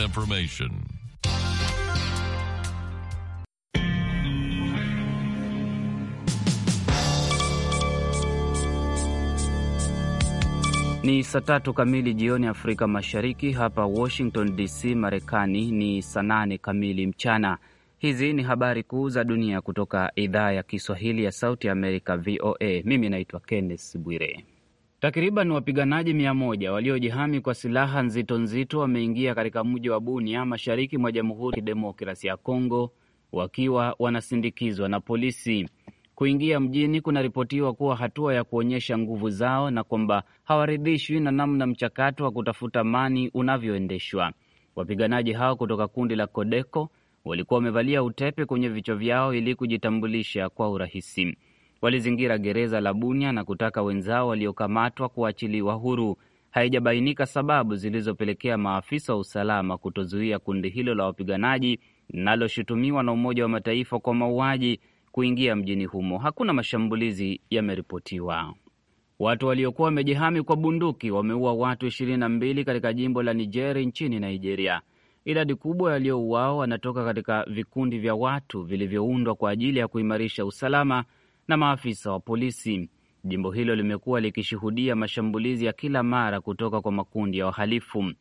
information. Ni saa tatu kamili jioni Afrika Mashariki. Hapa Washington DC, Marekani ni saa nane kamili mchana. Hizi ni habari kuu za dunia kutoka idhaa ya Kiswahili ya Sauti ya Amerika, VOA. Mimi naitwa Kenneth Bwire. Takriban wapiganaji mia moja waliojihami kwa silaha nzito nzito wameingia katika mji wa Bunia mashariki mwa Jamhuri ya Kidemokrasia ya Kongo wakiwa wanasindikizwa na polisi. Kuingia mjini kunaripotiwa kuwa hatua ya kuonyesha nguvu zao na kwamba hawaridhishwi na namna mchakato wa kutafuta amani unavyoendeshwa. Wapiganaji hao kutoka kundi la Kodeko walikuwa wamevalia utepe kwenye vichwa vyao ili kujitambulisha kwa urahisi walizingira gereza la Bunia na kutaka wenzao waliokamatwa kuachiliwa huru. Haijabainika sababu zilizopelekea maafisa wa usalama kutozuia kundi hilo la wapiganaji linaloshutumiwa na Umoja wa Mataifa kwa mauaji kuingia mjini humo. Hakuna mashambulizi yameripotiwa. Watu waliokuwa wamejihami kwa bunduki wameua watu 22 katika jimbo la Nijeri nchini Nigeria. Idadi kubwa yaliyouawa wanatoka katika vikundi vya watu vilivyoundwa kwa ajili ya kuimarisha usalama na maafisa wa polisi. Jimbo hilo limekuwa likishuhudia mashambulizi ya kila mara kutoka kwa makundi ya wahalifu.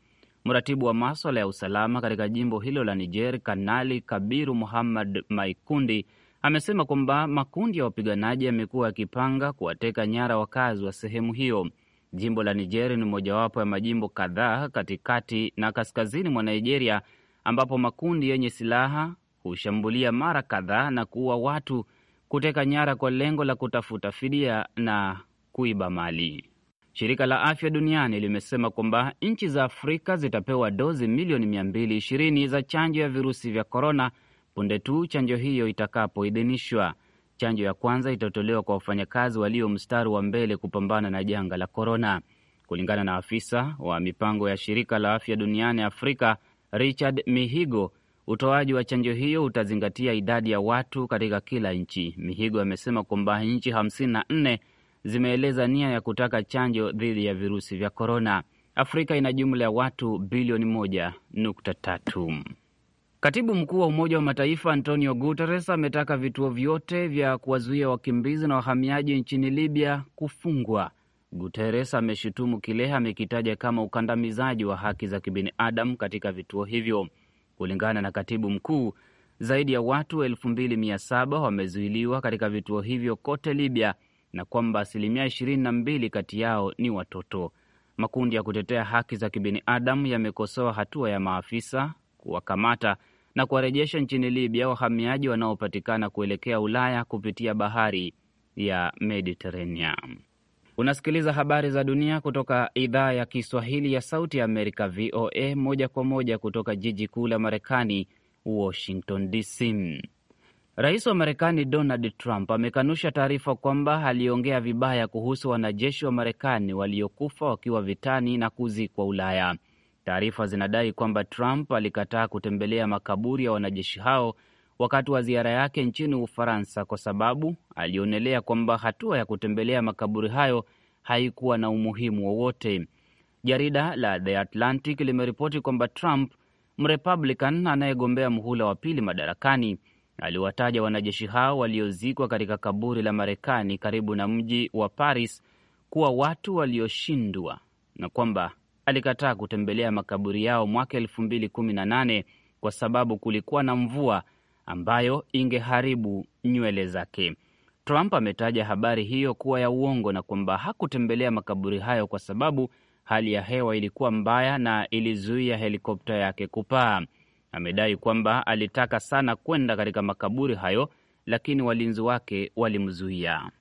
Mratibu wa maswala ya usalama katika jimbo hilo la Niger, Kanali Kabiru Muhammad Maikundi, amesema kwamba makundi ya wapiganaji yamekuwa yakipanga kuwateka nyara wakazi wa sehemu hiyo. Jimbo la Niger ni mojawapo ya majimbo kadhaa katikati na kaskazini mwa Nigeria ambapo makundi yenye silaha hushambulia mara kadhaa na kuua watu kuteka nyara kwa lengo la kutafuta fidia na kuiba mali. Shirika la Afya Duniani limesema kwamba nchi za Afrika zitapewa dozi milioni 220 za chanjo ya virusi vya korona punde tu chanjo hiyo itakapoidhinishwa. Chanjo ya kwanza itatolewa kwa wafanyakazi walio mstari wa mbele kupambana na janga la korona. Kulingana na afisa wa mipango ya shirika la afya duniani Afrika, Richard Mihigo, Utoaji wa chanjo hiyo utazingatia idadi ya watu katika kila nchi. Mihigo amesema kwamba nchi hamsini na nne zimeeleza nia ya kutaka chanjo dhidi ya virusi vya korona. Afrika ina jumla ya watu bilioni moja nukta tatu. Katibu mkuu wa Umoja wa Mataifa Antonio Guterres ametaka vituo vyote vya kuwazuia wakimbizi na wahamiaji nchini Libya kufungwa. Guterres ameshutumu kile amekitaja kama ukandamizaji wa haki za kibinadamu katika vituo hivyo. Kulingana na katibu mkuu, zaidi ya watu 2700 wamezuiliwa katika vituo hivyo kote Libya na kwamba asilimia 22 kati yao ni watoto. Makundi ya kutetea haki za kibinadamu yamekosoa hatua ya maafisa kuwakamata na kuwarejesha nchini Libya wahamiaji wanaopatikana kuelekea Ulaya kupitia bahari ya Mediterania. Unasikiliza habari za dunia kutoka idhaa ya Kiswahili ya Sauti ya Amerika, VOA, moja kwa moja kutoka jiji kuu la Marekani, Washington DC. Rais wa Marekani Donald Trump amekanusha taarifa kwamba aliongea vibaya kuhusu wanajeshi wa Marekani waliokufa wakiwa vitani na kuzikwa Ulaya. Taarifa zinadai kwamba Trump alikataa kutembelea makaburi ya wanajeshi hao wakati wa ziara yake nchini Ufaransa kwa sababu alionelea kwamba hatua ya kutembelea makaburi hayo haikuwa na umuhimu wowote. Jarida la The Atlantic limeripoti kwamba Trump, mrepublican anayegombea mhula wa pili madarakani, aliwataja wanajeshi hao waliozikwa katika kaburi la Marekani karibu na mji wa Paris kuwa watu walioshindwa na kwamba alikataa kutembelea makaburi yao mwaka elfu mbili kumi na nane kwa sababu kulikuwa na mvua ambayo ingeharibu nywele zake. Trump ametaja habari hiyo kuwa ya uongo na kwamba hakutembelea makaburi hayo kwa sababu hali ya hewa ilikuwa mbaya na ilizuia helikopta yake kupaa. Amedai kwamba alitaka sana kwenda katika makaburi hayo, lakini walinzi wake walimzuia.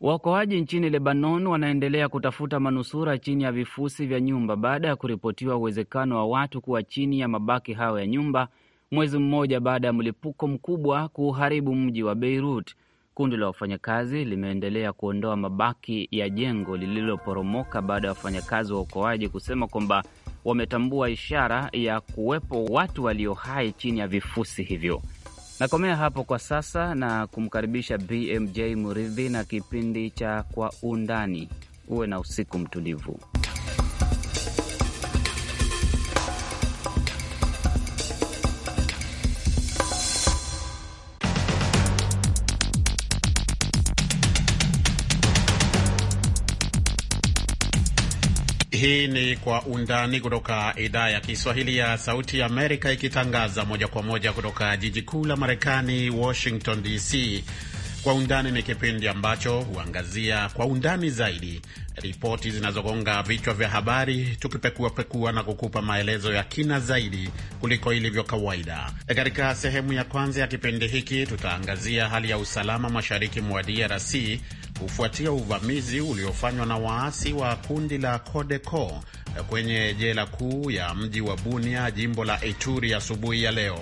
Waokoaji nchini Lebanon wanaendelea kutafuta manusura chini ya vifusi vya nyumba baada ya kuripotiwa uwezekano wa watu kuwa chini ya mabaki hayo ya nyumba mwezi mmoja baada ya mlipuko mkubwa kuuharibu mji wa Beirut. Kundi la wafanyakazi limeendelea kuondoa mabaki ya jengo lililoporomoka baada ya wafanyakazi wa uokoaji kusema kwamba wametambua ishara ya kuwepo watu walio hai chini ya vifusi hivyo. Nakomea hapo kwa sasa na kumkaribisha BMJ Muridhi na kipindi cha Kwa Undani. Uwe na usiku mtulivu. Hii ni Kwa Undani kutoka idhaa ya Kiswahili ya Sauti ya Amerika, ikitangaza moja kwa moja kutoka jiji kuu la Marekani, Washington DC. Kwa Undani ni kipindi ambacho huangazia kwa undani zaidi ripoti zinazogonga vichwa vya habari, tukipekuapekua na kukupa maelezo ya kina zaidi kuliko ilivyo kawaida. E, katika sehemu ya kwanza ya kipindi hiki, tutaangazia hali ya usalama mashariki mwa DRC kufuatia uvamizi uliofanywa na waasi wa kundi la CODECO kwenye jela kuu ya mji wa Bunia, jimbo la Ituri, asubuhi ya, ya leo.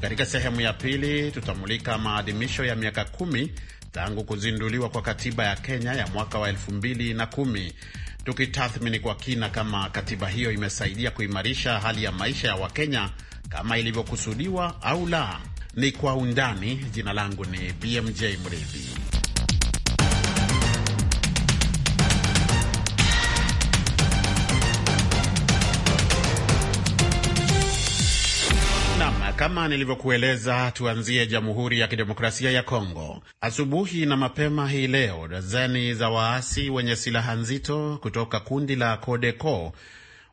Katika sehemu ya pili tutamulika maadhimisho ya miaka kumi tangu kuzinduliwa kwa katiba ya Kenya ya mwaka wa elfu mbili na kumi tukitathmini kwa kina kama katiba hiyo imesaidia kuimarisha hali ya maisha ya Wakenya kama ilivyokusudiwa au la. Ni kwa undani. Jina langu ni BMJ Mridhi. Kama nilivyokueleza, tuanzie Jamhuri ya Kidemokrasia ya Kongo. Asubuhi na mapema hii leo, dazeni za waasi wenye silaha nzito kutoka kundi la Codeco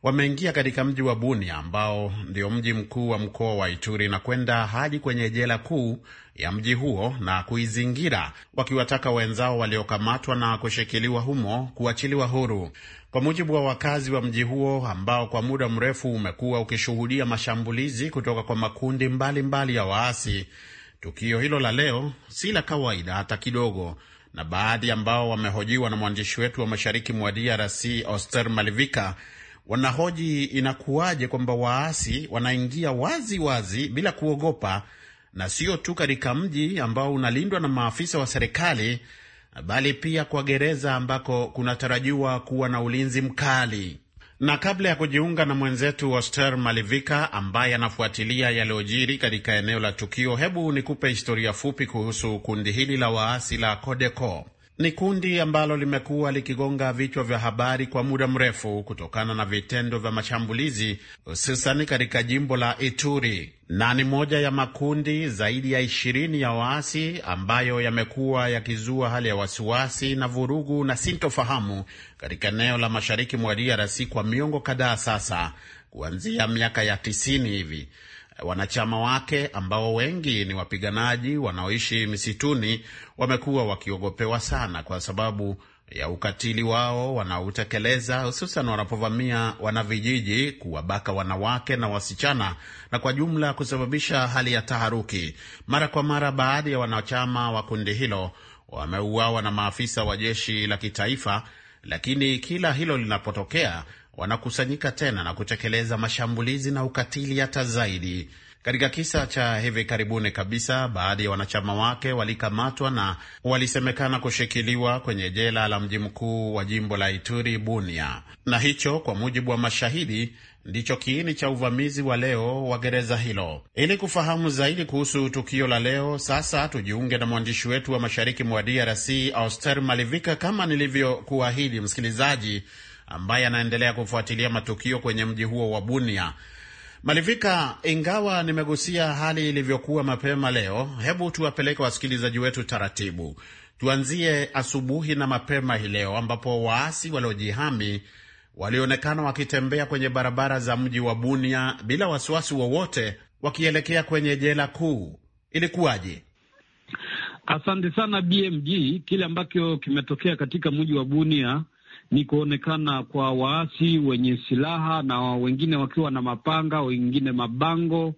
wameingia katika mji wa Bunia ambao ndio mji mkuu wa mkoa wa Ituri na kwenda hadi kwenye jela kuu ya mji huo na kuizingira, wakiwataka wenzao waliokamatwa na kushikiliwa humo kuachiliwa huru. Kwa mujibu wa wakazi wa mji huo ambao kwa muda mrefu umekuwa ukishuhudia mashambulizi kutoka kwa makundi mbalimbali mbali ya waasi, tukio hilo la leo si la kawaida hata kidogo, na baadhi ambao wamehojiwa na mwandishi wetu wa mashariki mwa DRC Oster Malivika wanahoji inakuwaje kwamba waasi wanaingia wazi wazi bila kuogopa na sio tu katika mji ambao unalindwa na maafisa wa serikali, bali pia kwa gereza ambako kunatarajiwa kuwa na ulinzi mkali. Na kabla ya kujiunga na mwenzetu Oster Malivika ambaye anafuatilia yaliyojiri katika eneo la tukio, hebu nikupe historia fupi kuhusu kundi hili la waasi la Codeco. Ni kundi ambalo limekuwa likigonga vichwa vya habari kwa muda mrefu kutokana na vitendo vya mashambulizi hususani katika jimbo la Ituri, na ni moja ya makundi zaidi ya ishirini ya waasi ambayo yamekuwa yakizua hali ya wasiwasi na vurugu na sintofahamu katika eneo la mashariki mwa DRC kwa miongo kadhaa sasa, kuanzia miaka ya tisini hivi. Wanachama wake ambao wengi ni wapiganaji wanaoishi misituni wamekuwa wakiogopewa sana kwa sababu ya ukatili wao wanaotekeleza, hususan wanapovamia wanavijiji, kuwabaka wanawake na wasichana na kwa jumla kusababisha hali ya taharuki. Mara kwa mara, baadhi ya wanachama wa kundi hilo wameuawa na maafisa wa jeshi la kitaifa, lakini kila hilo linapotokea wanakusanyika tena na kutekeleza mashambulizi na ukatili hata zaidi. Katika kisa cha hivi karibuni kabisa, baadhi ya wanachama wake walikamatwa na walisemekana kushikiliwa kwenye jela la mji mkuu wa jimbo la Ituri, Bunia, na hicho kwa mujibu wa mashahidi ndicho kiini cha uvamizi wa leo wa gereza hilo. Ili kufahamu zaidi kuhusu tukio la leo, sasa tujiunge na mwandishi wetu wa mashariki mwa DRC, Auster Malivika, kama nilivyokuahidi msikilizaji ambaye anaendelea kufuatilia matukio kwenye mji huo wa Bunia. Malivika, ingawa nimegusia hali ilivyokuwa mapema leo, hebu tuwapeleke wasikilizaji wetu taratibu. Tuanzie asubuhi na mapema hii leo ambapo waasi waliojihami walionekana wakitembea kwenye barabara za mji wa Bunia bila wasiwasi wowote wakielekea kwenye jela kuu. Ilikuwaje? Asante sana BMG. Kile ambacho kimetokea katika mji wa Bunia ni kuonekana kwa waasi wenye silaha na wengine wakiwa na mapanga, wengine mabango,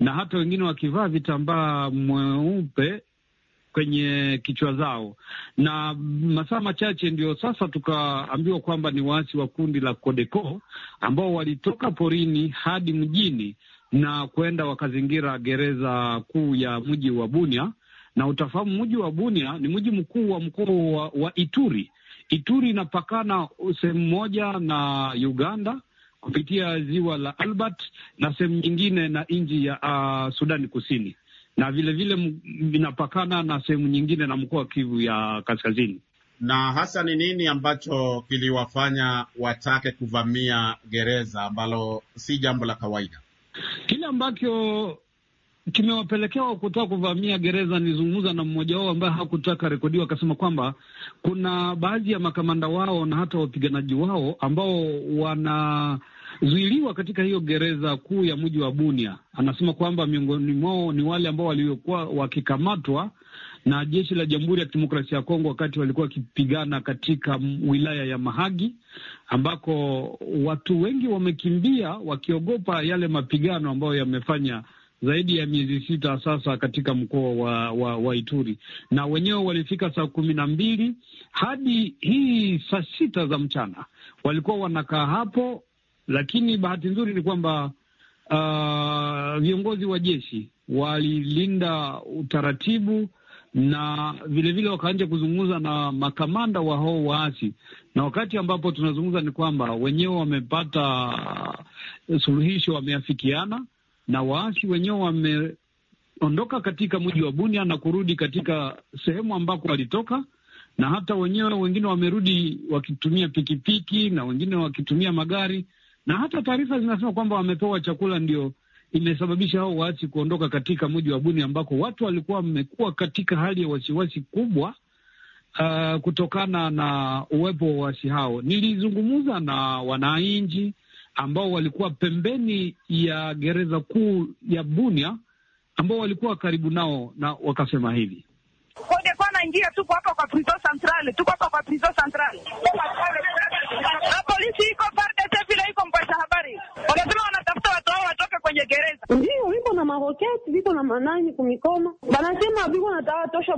na hata wengine wakivaa vitambaa mweupe kwenye kichwa zao. Na masaa machache ndio sasa tukaambiwa kwamba ni waasi wa kundi la Kodeko ambao walitoka porini hadi mjini na kwenda wakazingira gereza kuu ya mji wa Bunia. Na utafahamu mji wa Bunia ni mji mkuu wa mkoa wa Ituri Ituri inapakana sehemu moja na Uganda kupitia ziwa la Albert na sehemu nyingine na nchi ya uh, Sudani Kusini, na vilevile inapakana na sehemu nyingine na mkoa wa Kivu ya Kaskazini. Na hasa ni nini ambacho kiliwafanya watake kuvamia gereza ambalo si jambo la kawaida? Kile ambacho kimewapelekea kutaka kuvamia gereza. Nizungumza na mmoja wao ambaye hakutaka rekodiwa, akasema kwamba kuna baadhi ya makamanda wao na hata wapiganaji wao ambao wanazuiliwa katika hiyo gereza kuu ya mji wa Bunia. Anasema kwamba miongoni mwao ni wale ambao waliokuwa wakikamatwa na jeshi la Jamhuri ya Kidemokrasia ya Kongo wakati walikuwa wakipigana katika wilaya ya Mahagi, ambako watu wengi wamekimbia wakiogopa yale mapigano ambayo yamefanya zaidi ya miezi sita sasa katika mkoa wa, wa, wa Ituri, na wenyewe walifika saa kumi na mbili hadi hii saa sita za mchana walikuwa wanakaa hapo, lakini bahati nzuri ni kwamba uh, viongozi wa jeshi walilinda utaratibu na vilevile wakaanja kuzungumza na makamanda wa hao waasi, na wakati ambapo tunazungumza ni kwamba wenyewe wamepata uh, suluhisho, wameafikiana na waasi wenyewe wameondoka katika mji wa Bunia na kurudi katika sehemu ambako walitoka, na hata wenyewe wengine wamerudi wakitumia pikipiki na wengine wakitumia magari, na hata taarifa zinasema kwamba wamepewa chakula, ndio imesababisha hao waasi kuondoka katika mji wa Bunia ambako watu walikuwa wamekuwa katika hali ya wasiwasi kubwa. Uh, kutokana na uwepo wa waasi hao, nilizungumza na wananchi ambao walikuwa pembeni ya gereza kuu ya Bunia ambao walikuwa karibu nao, na wakasema hivi kodekwana njia, tuko hapa kwa prison central, tuko hapa kwa prison central na polisi iko parde vile iko mpasha habari, wanasema wanatafuta watu kwenye gereza, ndio viko na maroketi viko na manani kumikoma, banasema viko na dawa tosha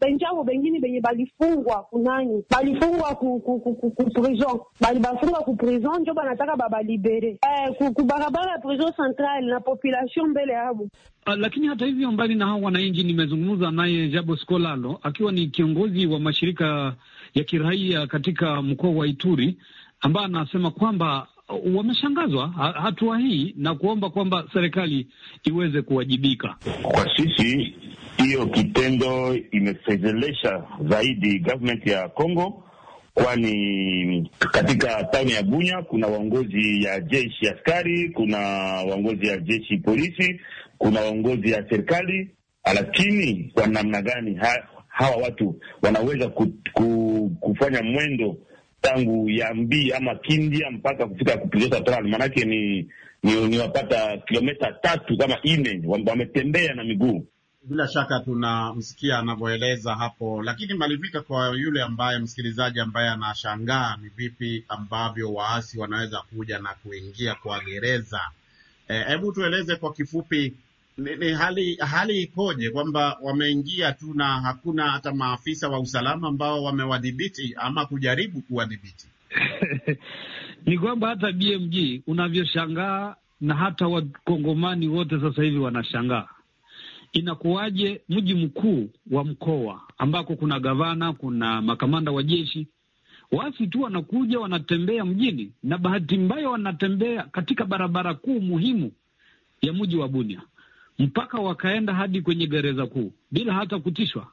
benjavo bengine benye balifungwa kunani balifungwa kuprison balibafunga kuprison njo banataka babalibere eh, kubarabara ya prison central na population mbele yabo. Ah, lakini hata hivyo, mbali na hao wananchi, nimezungumza naye Jabo Skolalo akiwa ni kiongozi wa mashirika ya kiraia katika mkoa wa Ituri ambaye anasema kwamba Uh, wameshangazwa hatua hii na kuomba kwamba serikali iweze kuwajibika. Kwa sisi hiyo kitendo imefezelesha zaidi government ya Congo, kwani katika tauni ya Bunya kuna waongozi ya jeshi askari, kuna waongozi ya jeshi polisi, kuna waongozi ya serikali, lakini kwa namna gani ha, hawa watu wanaweza ku, ku, kufanya mwendo tangu Yambi ama Kindya mpaka kufika Kupizo Central, maanake ni ni, ni wapata kilometa tatu kama ine wametembea na miguu. Bila shaka tunamsikia anavyoeleza hapo, lakini malivika, kwa yule ambaye msikilizaji ambaye anashangaa ni vipi ambavyo waasi wanaweza kuja na kuingia kwa gereza, eh, hebu e, tueleze kwa kifupi ni, ni hali, hali ipoje kwamba wameingia tu na hakuna hata maafisa wa usalama ambao wamewadhibiti ama kujaribu kuwadhibiti? Ni kwamba hata BMG unavyoshangaa na hata wakongomani wote sasa hivi wanashangaa inakuwaje mji mkuu wa mkoa ambako kuna gavana, kuna makamanda wa jeshi, wasi tu wanakuja wanatembea mjini, na bahati mbaya wanatembea katika barabara kuu muhimu ya mji wa Bunia mpaka wakaenda hadi kwenye gereza kuu bila hata kutishwa.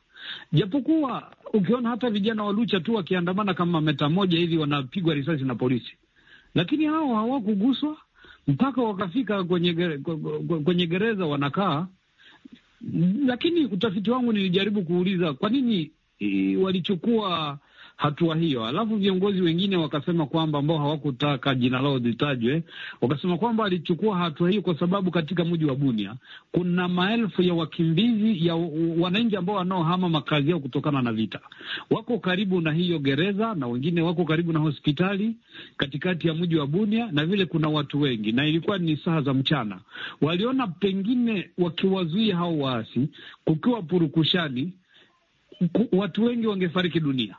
Japokuwa ukiona hata vijana wa Lucha tu wakiandamana kama meta moja hivi, wanapigwa risasi na polisi, lakini hao hawakuguswa mpaka wakafika kwenye gere, kwenye gereza wanakaa. Lakini utafiti wangu nilijaribu kuuliza kwa nini eh, walichukua hatua hiyo. Alafu viongozi wengine wakasema kwamba, ambao hawakutaka jina lao litajwe, wakasema kwamba alichukua hatua hiyo kwa sababu katika mji wa Bunia kuna maelfu ya wakimbizi ya wananchi ambao wanaohama makazi yao kutokana na vita, wako karibu na hiyo gereza na wengine wako karibu na hospitali katikati ya mji wa Bunia, na vile kuna watu wengi, na ilikuwa ni saa za mchana. Waliona pengine wakiwazuia hao waasi, kukiwa purukushani, watu wengi wangefariki dunia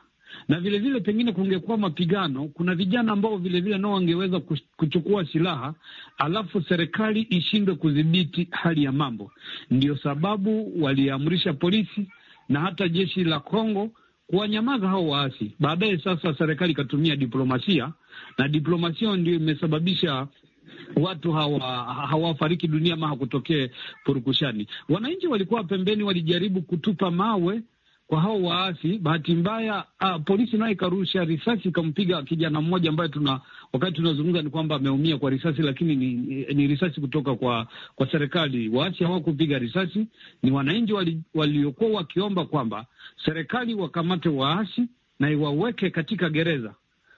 na vilevile vile pengine kungekuwa mapigano, kuna vijana ambao vilevile nao wangeweza kuchukua silaha, alafu serikali ishindwe kudhibiti hali ya mambo. Ndio sababu waliamrisha polisi na hata jeshi la Kongo kuwanyamaza hao waasi. Baadaye sasa serikali ikatumia diplomasia, na diplomasia ndio imesababisha watu hawa hawafariki dunia ama hakutokee purukushani. Wananchi walikuwa pembeni, walijaribu kutupa mawe kwa hao waasi. Bahati mbaya uh, polisi nayo ikarusha risasi ikampiga kijana mmoja ambaye tuna wakati tunazungumza ni kwamba ameumia kwa risasi, lakini ni, ni risasi kutoka kwa kwa serikali. Waasi hawakupiga risasi, ni wananchi waliokuwa wali wakiomba kwamba serikali wakamate waasi na iwaweke katika gereza,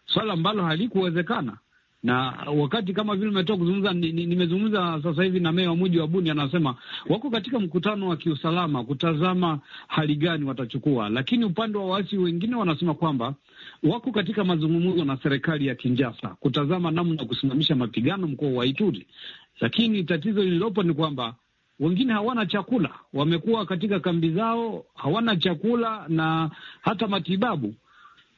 swala ambalo halikuwezekana na wakati kama vile umetoka kuzungumza, nimezungumza ni sasa hivi na meya wa mji wa Buni, anasema wako katika mkutano wa kiusalama kutazama hali gani watachukua, lakini upande wa waasi wengine wanasema kwamba wako katika mazungumzo na serikali ya Kinjasa kutazama namna ya kusimamisha mapigano mkoa wa Ituri, lakini tatizo lililopo ni kwamba wengine hawana chakula, wamekuwa katika kambi zao, hawana chakula na hata matibabu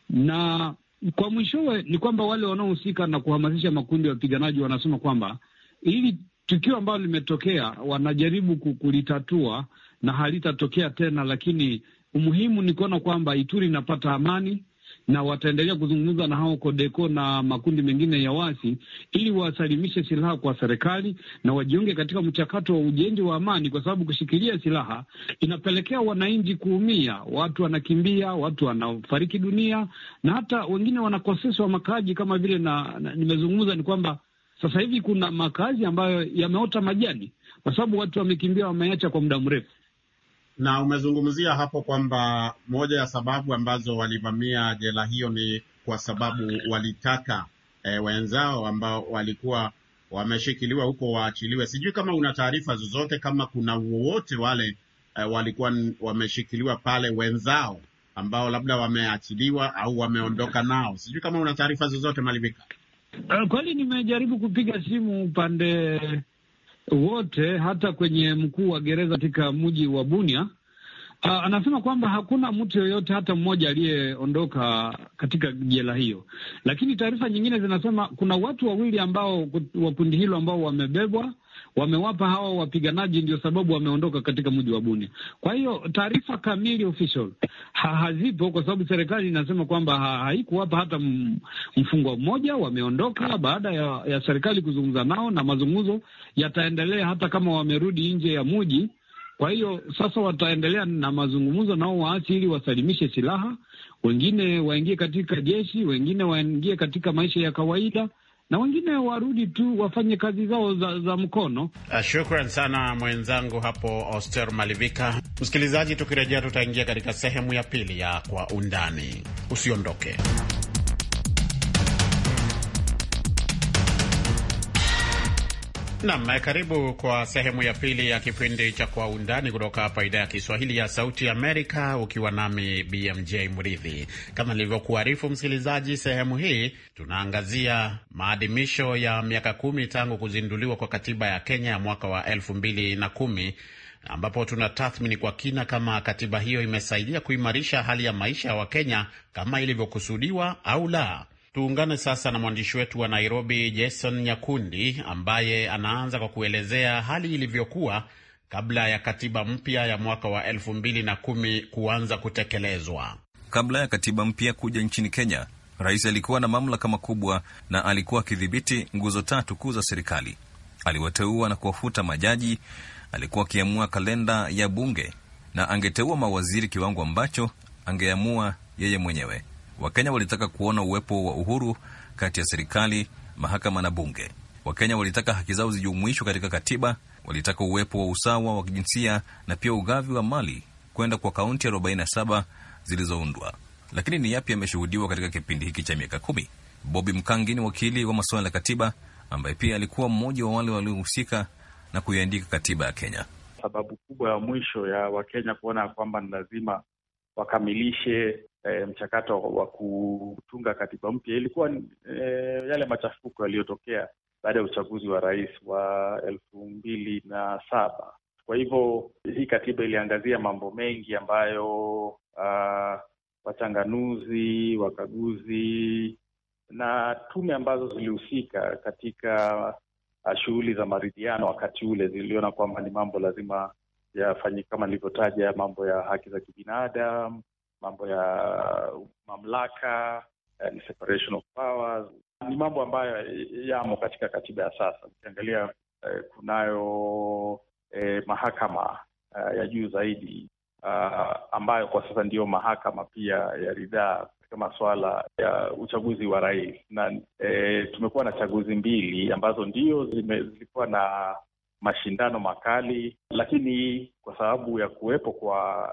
na kwa mwishowe ni kwamba wale wanaohusika na kuhamasisha makundi ya wapiganaji wanasema kwamba hili tukio ambalo limetokea wanajaribu kulitatua na halitatokea tena, lakini umuhimu ni kuona kwamba Ituri inapata amani na wataendelea kuzungumza na hao Kodeko na makundi mengine ya wasi ili wasalimishe silaha kwa serikali na wajiunge katika mchakato wa ujenzi wa amani, kwa sababu kushikilia silaha inapelekea wananchi kuumia, watu wanakimbia, watu wanafariki dunia na hata wengine wanakoseswa makazi kama vile na, na nimezungumza ni kwamba sasa hivi kuna makazi ambayo yameota majani kwa sababu watu wamekimbia, wameacha kwa muda mrefu. Na umezungumzia hapo kwamba moja ya sababu ambazo walivamia jela hiyo ni kwa sababu walitaka e, wenzao ambao walikuwa wameshikiliwa huko waachiliwe. Sijui kama una taarifa zozote kama kuna wowote wale e, walikuwa wameshikiliwa pale wenzao ambao labda wameachiliwa au wameondoka nao. Sijui kama una taarifa zozote Malivika. Eh, kweli nimejaribu kupiga simu upande wote, hata kwenye mkuu wa gereza katika mji wa Bunia. Uh, anasema kwamba hakuna mtu yoyote hata mmoja aliyeondoka katika jela hiyo, lakini taarifa nyingine zinasema kuna watu wawili ambao wa kundi hilo ambao wamebebwa wamewapa hawa wapiganaji, ndio sababu wameondoka katika mji wa Bunia. Kwa hiyo taarifa kamili official ha hazipo, kwa sababu serikali inasema kwamba ha haikuwapa hata mfungwa mmoja. Wameondoka baada ya, ya serikali kuzungumza nao, na mazungumzo yataendelea hata kama wamerudi nje ya mji. Kwa hiyo sasa wataendelea na mazungumzo nao waasi, ili wasalimishe silaha, wengine waingie katika jeshi, wengine waingie katika maisha ya kawaida na wengine warudi tu wafanye kazi zao za, za mkono. Ah, shukran sana mwenzangu hapo Oster Malivika. Msikilizaji, tukirejea tutaingia katika sehemu ya pili ya Kwa Undani. Usiondoke. Nam, karibu kwa sehemu ya pili ya kipindi cha Kwa Undani kutoka hapa idhaa ya Kiswahili ya Sauti Amerika, ukiwa nami BMJ Mridhi. Kama nilivyokuarifu msikilizaji, sehemu hii tunaangazia maadhimisho ya miaka kumi tangu kuzinduliwa kwa katiba ya Kenya ya mwaka wa elfu mbili na kumi ambapo tuna tathmini kwa kina kama katiba hiyo imesaidia kuimarisha hali ya maisha ya Wakenya kama ilivyokusudiwa au la. Tuungane sasa na mwandishi wetu wa Nairobi, Jason Nyakundi, ambaye anaanza kwa kuelezea hali ilivyokuwa kabla ya katiba mpya ya mwaka wa elfu mbili na kumi kuanza kutekelezwa. Kabla ya katiba mpya kuja nchini Kenya, rais alikuwa na mamlaka makubwa na alikuwa akidhibiti nguzo tatu kuu za serikali. Aliwateua na kuwafuta majaji, alikuwa akiamua kalenda ya bunge na angeteua mawaziri, kiwango ambacho angeamua yeye mwenyewe. Wakenya walitaka kuona uwepo wa uhuru kati ya serikali, mahakama na bunge. Wakenya walitaka haki zao zijumuishwe katika katiba. Walitaka uwepo wa usawa wa kijinsia na pia ugavi wa mali kwenda kwa kaunti 47 zilizoundwa. Lakini ni yapi yameshuhudiwa katika kipindi hiki cha miaka kumi? Bobi Mkangi ni wakili wa masuala ya katiba ambaye pia alikuwa mmoja wa wale waliohusika na kuiandika katiba ya Kenya. Sababu kubwa ya mwisho ya Wakenya kuona ya kwamba ni lazima wakamilishe e, mchakato wa kutunga katiba mpya ilikuwa e, yale machafuko yaliyotokea baada ya uchaguzi wa rais wa elfu mbili na saba. Kwa hivyo hii katiba iliangazia mambo mengi ambayo uh, wachanganuzi, wakaguzi na tume ambazo zilihusika katika ah, shughuli za maridhiano wakati ule ziliona kwamba ni mambo lazima yafanyike, kama nilivyotaja, mambo ya haki za kibinadamu, mambo ya mamlaka, yani eh, separation of powers, ni mambo ambayo yamo katika katiba ya sasa. Ukiangalia eh, kunayo eh, mahakama eh, ya juu zaidi Uh, ambayo kwa sasa ndiyo mahakama pia ya ridhaa katika masuala ya uchaguzi wa rais na e, tumekuwa na chaguzi mbili ambazo ndio zilikuwa na mashindano makali, lakini kwa sababu ya kuwepo kwa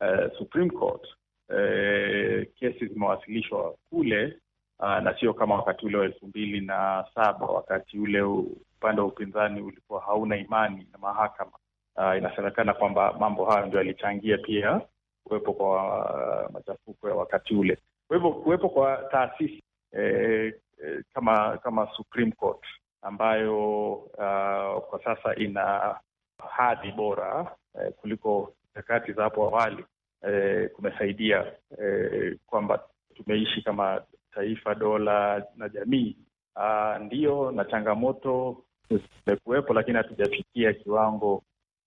uh, Supreme Court eh, kesi zimewasilishwa kule uh, na sio kama wakati ule wa elfu mbili na saba wakati ule upande wa upinzani ulikuwa hauna imani na mahakama. Ah, inasemekana kwamba mambo hayo ndio yalichangia pia kuwepo kwa uh, machafuko ya wakati ule. Kwa hivyo kuwepo kwa taasisi eh, eh, kama kama Supreme Court ambayo uh, kwa sasa ina hadhi bora eh, kuliko nyakati za hapo awali Eh, kumesaidia eh, kwamba tumeishi kama taifa, dola na jamii aa, ah, ndiyo na changamoto zimekuwepo, lakini hatujafikia kiwango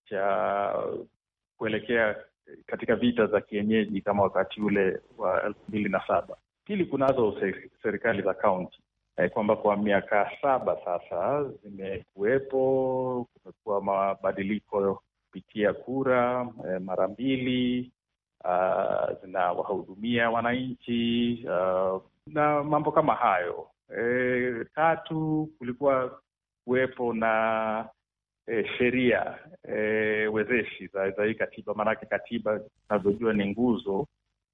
cha kuelekea katika vita za kienyeji kama wakati ule wa elfu mbili na saba. Pili, kunazo serikali za kaunti e, kwamba kwa miaka saba sasa zimekuwepo, kumekuwa mabadiliko kupitia kura e, mara mbili uh, zinawahudumia wananchi uh, na mambo kama hayo. E, tatu kulikuwa kuwepo na e, sheria e, wezeshi za, hii katiba, maanake katiba inavyojua ni nguzo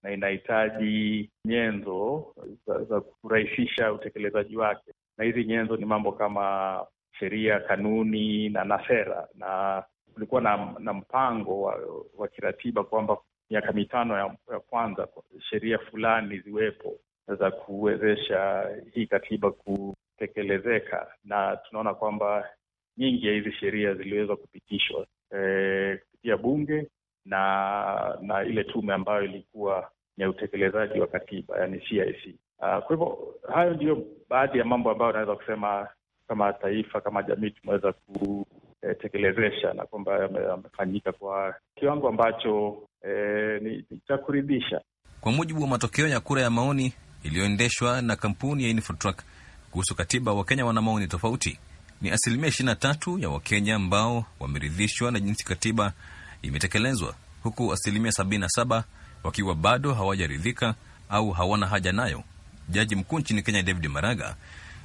na inahitaji nyenzo za, za kurahisisha utekelezaji wake, na hizi nyenzo ni mambo kama sheria, kanuni na na sera, na kulikuwa na, na mpango wa, wa kiratiba kwamba miaka mitano ya, ya kwanza sheria fulani ziwepo za kuwezesha hii katiba kutekelezeka, na tunaona kwamba nyingi ya hizi sheria ziliweza kupitishwa e, kupitia bunge na na ile tume ambayo ilikuwa ni ya utekelezaji wa katiba yani CIC. Uh, ah, kwa hivyo hayo ndiyo baadhi ya mambo ambayo anaweza kusema kama taifa, kama jamii tumeweza kutekelezesha na kwamba yamefanyika kwa kiwango ambacho e, ni cha kuridhisha. Kwa mujibu wa matokeo ya kura ya maoni iliyoendeshwa na kampuni ya Infotrack kuhusu katiba, Wakenya wana maoni tofauti. Ni asilimia ishirini na tatu ya Wakenya ambao wameridhishwa na jinsi katiba imetekelezwa, huku asilimia sabini na saba wakiwa bado hawajaridhika au hawana haja nayo. Jaji mkuu nchini Kenya David Maraga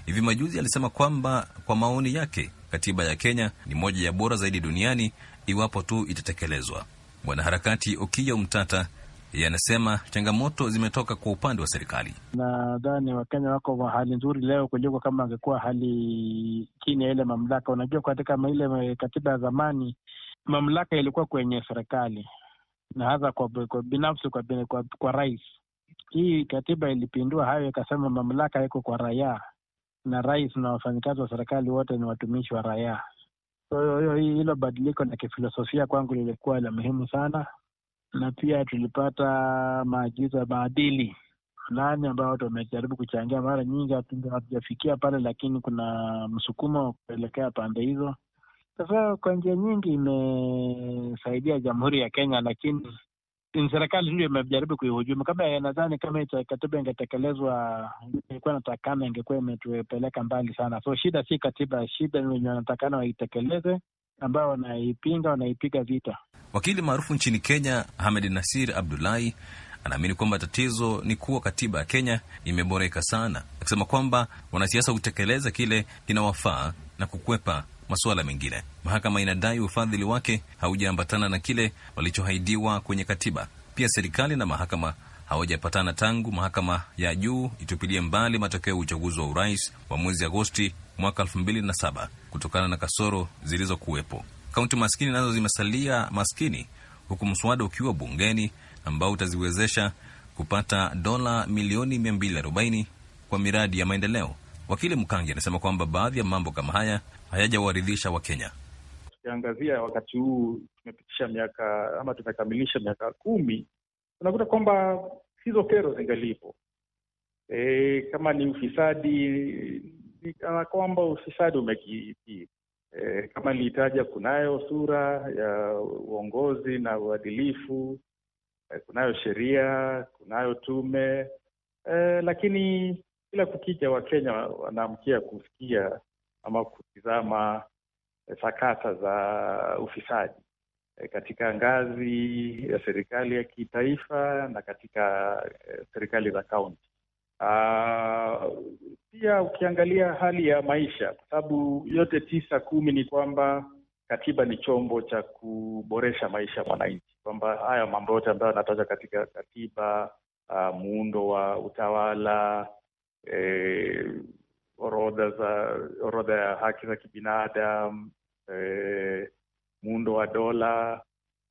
hivi majuzi alisema kwamba kwa maoni yake katiba ya Kenya ni moja ya bora zaidi duniani iwapo tu itatekelezwa. Mwanaharakati Okiya Mtata yeye anasema changamoto zimetoka kwa upande wa serikali. Nadhani Wakenya wako wa hali nzuri leo kuliko kama angekuwa hali chini ya ile mamlaka. Unajua, katika ile katiba ya zamani mamlaka ilikuwa kwenye serikali na hasa kwa, kwa binafsi kwa, kwa, kwa rais. Hii katiba ilipindua hayo ikasema mamlaka iko kwa raia na rais na wafanyikazi wa serikali wote ni watumishi wa raia. Kwa hiyo hilo badiliko la kifilosofia kwangu lilikuwa la muhimu sana, na pia tulipata maagizo ya maadili fulani ambao tumejaribu kuchangia. Mara nyingi hatujafikia pale, lakini kuna msukumo wa kuelekea pande hizo. Sasa kwa njia nyingi imesaidia Jamhuri ya Kenya, lakini serikali ndio imejaribu kuihujumu. Kama nadhani kama katiba ingetekelezwa ilikuwa natakana, ingekuwa imetupeleka mbali sana. So shida si katiba, shida ni wenye wanatakana waitekeleze, ambao wanaipinga, wanaipiga vita. Wakili maarufu nchini Kenya Hamed Nasir abdulahi anaamini kwamba tatizo ni kuwa katiba ya Kenya imeboreka sana, akisema kwamba wanasiasa hutekeleza kile kinawafaa na kukwepa masuala mengine. Mahakama inadai ufadhili wake haujaambatana na kile walichohaidiwa kwenye katiba. Pia serikali na mahakama hawajapatana tangu mahakama ya juu itupilie mbali matokeo ya uchaguzi wa urais wa mwezi Agosti mwaka elfu mbili na saba kutokana na kasoro zilizokuwepo. Kaunti maskini nazo zimesalia maskini, huku mswada ukiwa bungeni ambao utaziwezesha kupata dola milioni 240 kwa miradi ya maendeleo. Wakili Mkangi anasema kwamba baadhi ya mambo kama haya hayajawaridhisha Wakenya. Tukiangazia wakati huu tumepitisha miaka ama tumekamilisha miaka kumi, tunakuta kwamba hizo kero zingalipo. E, kama ni ufisadi ni kana kwamba ufisadi umekithiri. E, kama nilitaja, kunayo sura ya uongozi na uadilifu e, kunayo sheria, kunayo tume e, lakini kila kukija Wakenya wanaamkia kusikia ama kutizama eh, sakata za ufisadi eh, katika ngazi ya serikali ya kitaifa na katika eh, serikali za kaunti. Ah, pia ukiangalia hali ya maisha, kwa sababu yote tisa kumi ni kwamba katiba ni chombo cha kuboresha maisha ya mwananchi, kwamba haya mambo yote ambayo yanatoka katika katiba, ah, muundo wa utawala eh, orodha za orodha ya haki za kibinadamu e, muundo wa dola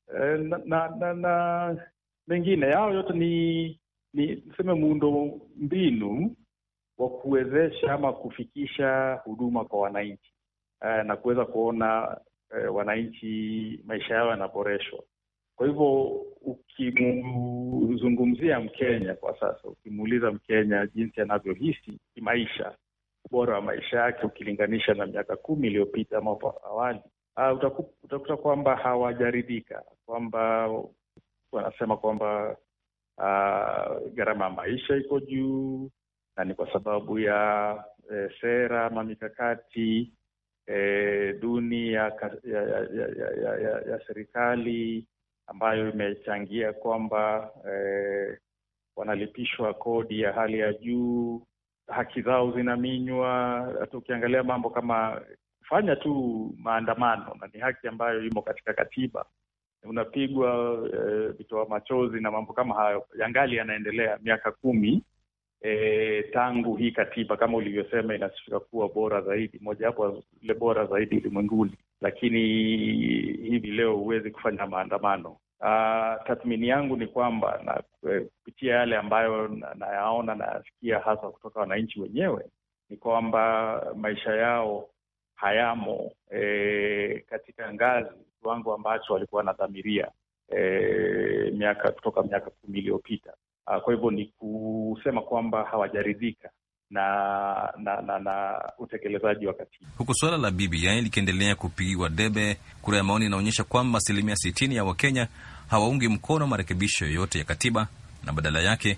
e, na, na, na, na mengine yao yote ni ni tuseme muundo mbinu wa kuwezesha ama kufikisha huduma kwa wananchi e, na kuweza kuona e, wananchi maisha yao yanaboreshwa. Kwa hivyo ukimzungumzia Mkenya kwa sasa, ukimuuliza Mkenya jinsi anavyohisi kimaisha ubora wa maisha yake ukilinganisha na miaka kumi iliyopita ama awali, uh, utakuta kwamba hawajaridhika, kwamba wanasema kwamba uh, gharama ya maisha iko juu na ni kwa sababu ya eh, sera ama mikakati eh, duni ya, ya, ya, ya, ya, ya, ya serikali ambayo imechangia kwamba eh, wanalipishwa kodi ya hali ya juu haki zao zinaminywa. Hata ukiangalia mambo kama fanya tu maandamano, na ni haki ambayo imo katika katiba, unapigwa eh, vitoa e, machozi na mambo kama hayo yangali yanaendelea miaka kumi e, tangu hii katiba kama ulivyosema inasifika kuwa bora zaidi, mojawapo ile bora zaidi ulimwenguni, lakini hivi leo huwezi kufanya maandamano Uh, tathmini yangu ni kwamba na eh, kupitia yale ambayo nayaona na nayasikia hasa kutoka wananchi wenyewe ni kwamba maisha yao hayamo e, katika ngazi kiwango ambacho walikuwa wanadhamiria e, miaka kutoka miaka kumi iliyopita. Ah, kwa hivyo ni kusema kwamba hawajaridhika na na na, na utekelezaji wa katiba. Huku suala la BBI likiendelea kupigiwa debe, kura ya maoni inaonyesha kwamba asilimia sitini ya Wakenya hawaungi mkono marekebisho yoyote ya katiba na badala yake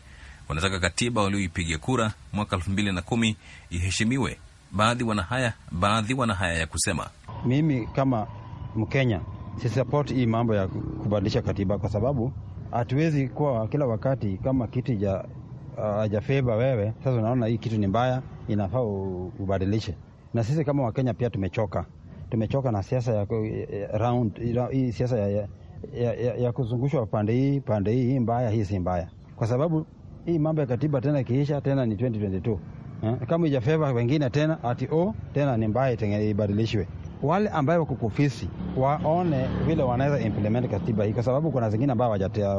wanataka katiba walioipiga kura mwaka elfu mbili na kumi iheshimiwe. Baadhi wana haya baadhi wana haya ya kusema: mimi kama Mkenya sisapoti hii mambo ya kubadilisha katiba, kwa sababu hatuwezi kuwa kila wakati kama kiti ja Ah, hajafeba uh, wewe sasa unaona hii kitu ni mbaya, inafaa ubadilishe. Na sisi kama Wakenya pia tumechoka, tumechoka na siasa ya round hii, siasa ya, ya, ya, ya, ya kuzungushwa pande hii pande hii, hii mbaya, hii si mbaya, kwa sababu hii mambo ya katiba tena ikiisha tena ni 2022 eh? kama ijafeva wengine tena ati o oh, tena ni mbaya ibadilishwe wale ambayo wako kwa ofisi waone vile wanaweza implement katiba hii, kwa sababu kuna zingine ambayo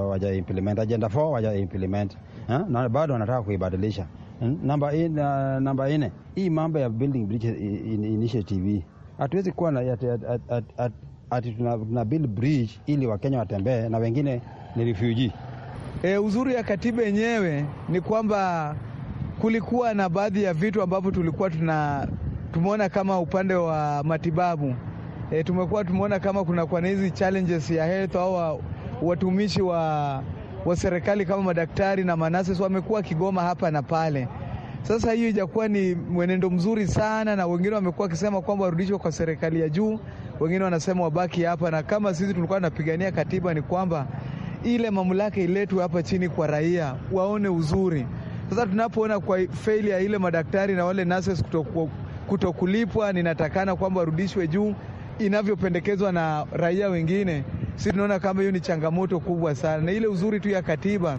waja implement agenda 4 waja implement eh? na bado wanataka kuibadilisha. Hmm? Namba in, uh, namba nne hii mambo ya building bridges initiative, hatuwezi kuwa na at, at, at, at, ati tuna build bridge ili Wakenya watembee na wengine ni refugee. E, uzuri ya katiba yenyewe ni kwamba kulikuwa na baadhi ya vitu ambavyo tulikuwa tuna tumeona kama upande wa matibabu e, tumekuwa tumeona kama kunakuwa na hizi challenges ya health au watumishi wa, wa serikali kama madaktari na manasi wamekuwa kigoma hapa na pale. Sasa hiyo ijakuwa ni mwenendo mzuri sana, na wengine wamekuwa wakisema kwamba warudishwe kwa serikali ya juu, wengine wanasema wabaki hapa, na kama sisi tulikuwa tunapigania katiba ni kwamba ile mamlaka iletwe hapa chini kwa raia waone uzuri. Sasa tunapoona kwa faili ya ile madaktari na wale nurses kutokulipwa, ninatakana kwamba warudishwe juu inavyopendekezwa na raia wengine. si tunaona kama hiyo ni changamoto kubwa sana, na ile uzuri tu ya katiba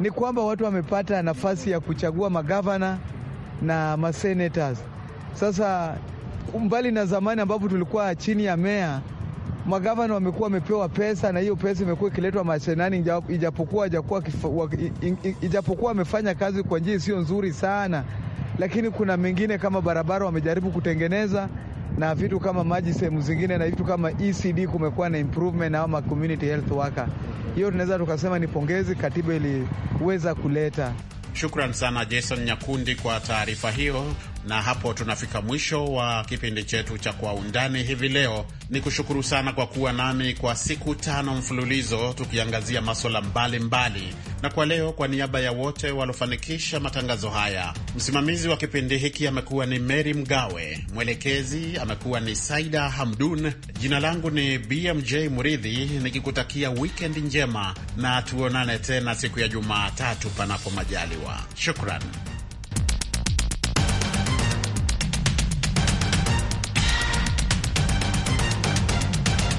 ni kwamba watu wamepata nafasi ya kuchagua magavana na masenators. Sasa mbali na zamani ambapo tulikuwa chini ya meya, magavana wamekuwa wamepewa pesa, na hiyo pesa imekuwa ikiletwa mashinani, ijapokuwa ijapokuwa wamefanya kazi kwa njia isiyo nzuri sana lakini kuna mengine kama barabara wamejaribu kutengeneza na vitu kama maji sehemu zingine na vitu kama ECD kumekuwa na improvement ama community health worker. Hiyo tunaweza tukasema ni pongezi katiba iliweza kuleta. Shukran sana Jason Nyakundi kwa taarifa hiyo. Na hapo tunafika mwisho wa kipindi chetu cha Kwa Undani hivi leo. Ni kushukuru sana kwa kuwa nami kwa siku tano mfululizo tukiangazia maswala mbalimbali. Na kwa leo, kwa niaba ya wote waliofanikisha matangazo haya, msimamizi wa kipindi hiki amekuwa ni Mary Mgawe, mwelekezi amekuwa ni Saida Hamdun. Jina langu ni BMJ Muridhi, nikikutakia wikendi njema na tuonane tena siku ya Jumatatu panapo majaliwa. Shukran.